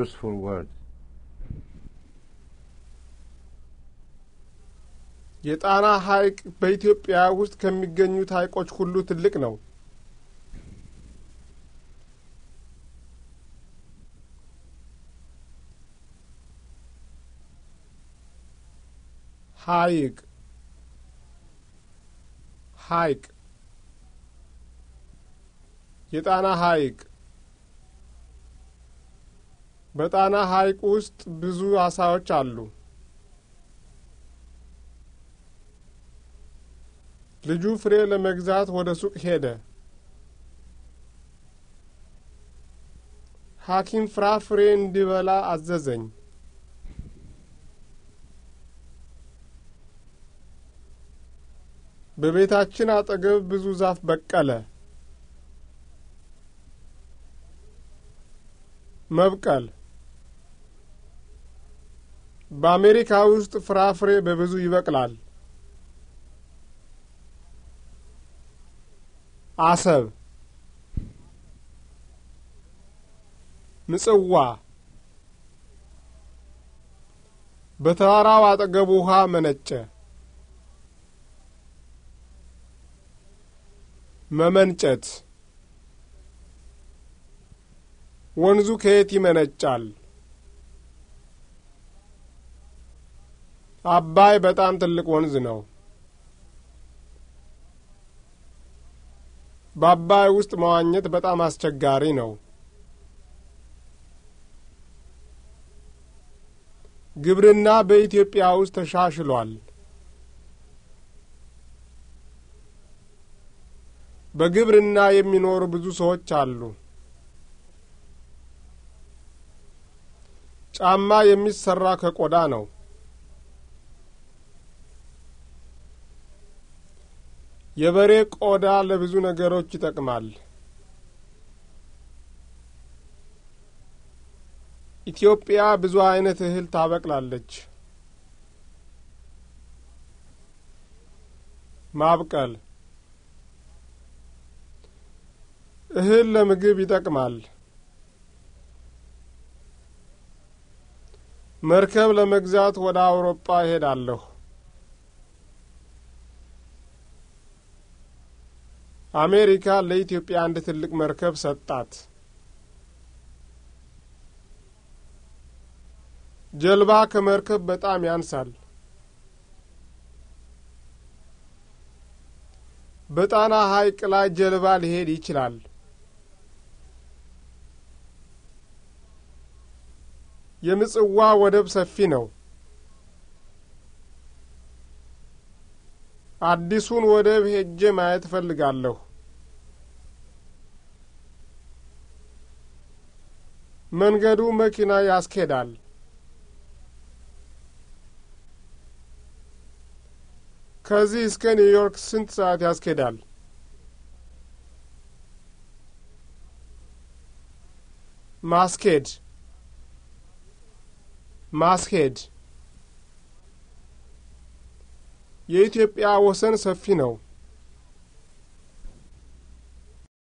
useful word የጣና ሐይቅ በኢትዮጵያ ውስጥ ከሚገኙት ሐይቆች ሁሉ ትልቅ ነው። ሐይቅ ሐይቅ የጣና ሐይቅ በጣና ሐይቅ ውስጥ ብዙ አሳዎች አሉ። ልጁ ፍሬ ለመግዛት ወደ ሱቅ ሄደ። ሐኪም ፍራፍሬ እንዲበላ አዘዘኝ። በቤታችን አጠገብ ብዙ ዛፍ በቀለ። መብቀል በአሜሪካ ውስጥ ፍራፍሬ በብዙ ይበቅላል። አሰብ፣ ምጽዋ በተራራው አጠገብ ውሃ መነጨ። መመንጨት ወንዙ ከየት ይመነጫል? አባይ በጣም ትልቅ ወንዝ ነው። በአባይ ውስጥ መዋኘት በጣም አስቸጋሪ ነው። ግብርና በኢትዮጵያ ውስጥ ተሻሽሏል። በግብርና የሚኖሩ ብዙ ሰዎች አሉ። ጫማ የሚሰራ ከቆዳ ነው። የበሬ ቆዳ ለብዙ ነገሮች ይጠቅማል። ኢትዮጵያ ብዙ አይነት እህል ታበቅላለች። ማብቀል እህል ለምግብ ይጠቅማል። መርከብ ለመግዛት ወደ አውሮፓ እሄዳለሁ። አሜሪካ ለኢትዮጵያ አንድ ትልቅ መርከብ ሰጣት። ጀልባ ከመርከብ በጣም ያንሳል። በጣና ሐይቅ ላይ ጀልባ ሊሄድ ይችላል። የምጽዋ ወደብ ሰፊ ነው። አዲሱን ወደብ ሄጄ ማየት እፈልጋለሁ። መንገዱ መኪና ያስኬዳል። ከዚህ እስከ ኒውዮርክ ስንት ሰዓት ያስኬዳል? ማስኬድ ማስኬድ የኢትዮጵያ ወሰን ሰፊ ነው።